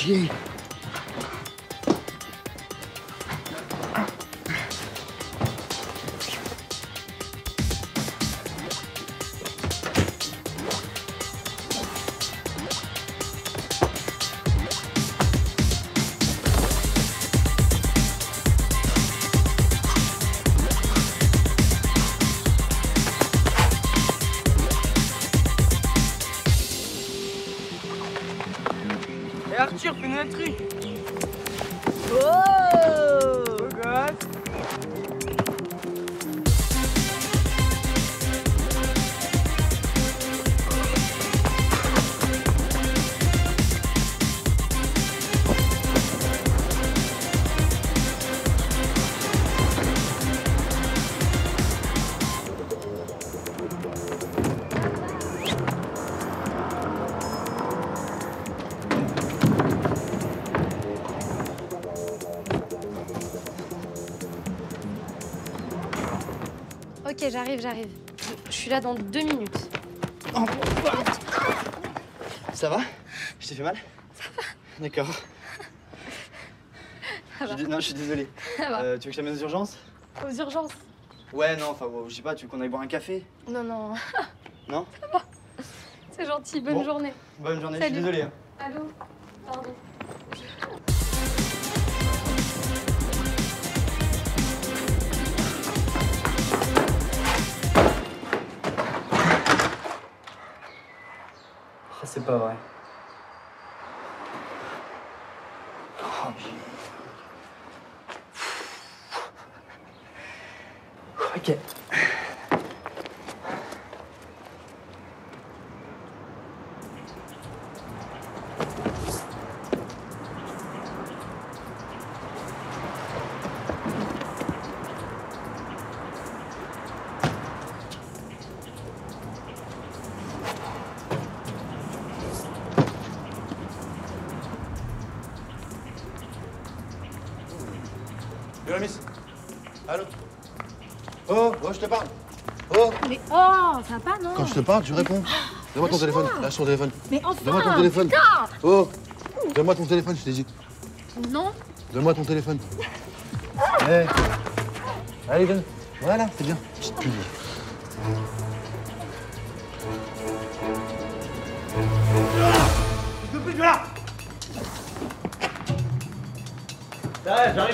shit. voiture, j'arrive, j'arrive. Je suis là dans deux minutes. Oh, Ça va Je t'ai fait mal Ça va. D'accord. non, je suis désolé. Euh, tu veux que je t'amène aux urgences Aux urgences Ouais, non, enfin, je sais pas, tu veux qu'on aille boire un café Non, non. non Ça va. C'est gentil, bonne journée. Bonne journée, je suis désolé. Hein. Allô Pardon. c'est pas vrai. Ok. Allô Oh, oh, je te parle. Oh Mais oh, sympa, non Quand je te parle, tu réponds. Donne-moi ton téléphone. Lâche ton téléphone. Mais enfin Donne-moi ton téléphone. Putain oh Donne-moi ton téléphone, je t'ai dit. Non Donne-moi ton téléphone. Hey. Eh. Allez, donne. Voilà, c'est bien.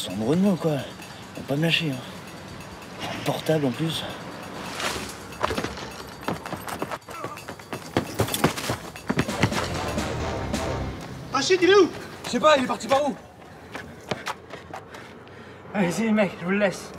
sont amoureux de moi, quoi. Ils vont pas me lâcher. Hein. portable en plus. Rachid, ah, il est où Je sais pas, il est parti par où Allez-y, mec, je vous le laisse.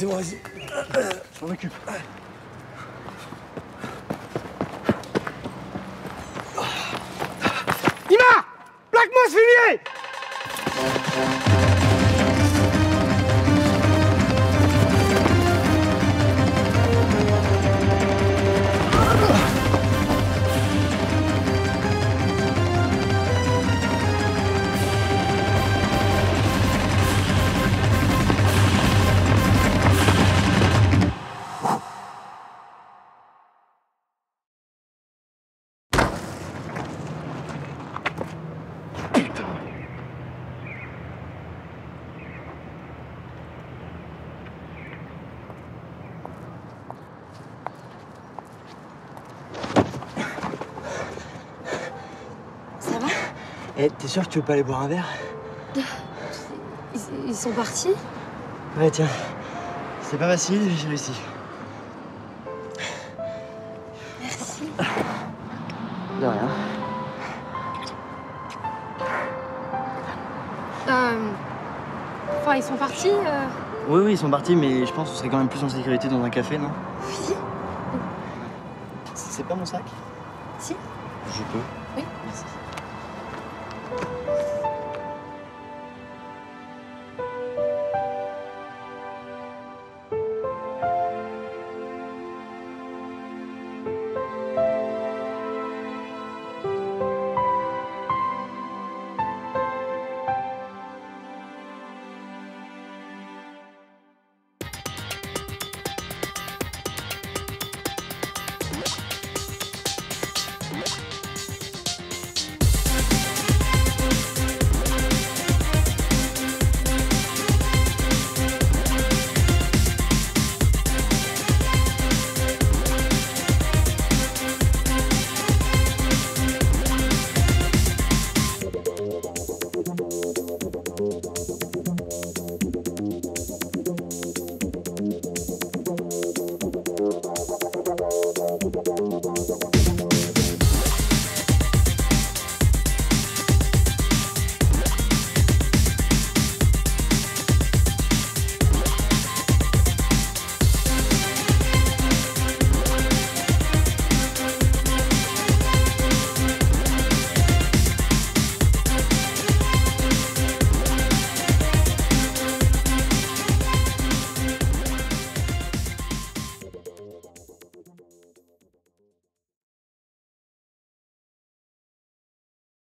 c'est bon, vas-y. Je m'en occupe. Eh, t'es sûr que tu veux pas aller boire un verre ils, sont partis Ouais, tiens. C'est pas facile, j'ai réussi. Merci. De rien. Euh... Enfin, ils sont partis euh. Oui, oui, ils sont partis, mais je pense qu'on serait quand même plus en sécurité dans un café, non Oui. C'est pas mon sac Si. Je peux.